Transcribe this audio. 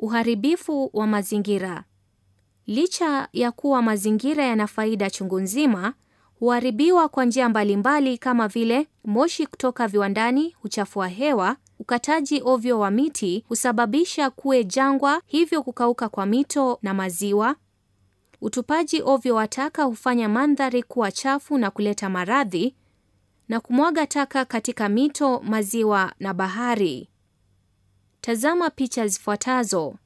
Uharibifu wa mazingira. Licha ya kuwa mazingira yana faida chungu nzima, huharibiwa kwa njia mbalimbali kama vile moshi kutoka viwandani huchafua hewa, ukataji ovyo wa miti husababisha kuwe jangwa, hivyo kukauka kwa mito na maziwa. Utupaji ovyo wa taka hufanya mandhari kuwa chafu na kuleta maradhi, na kumwaga taka katika mito, maziwa na bahari. Tazama picha zifuatazo.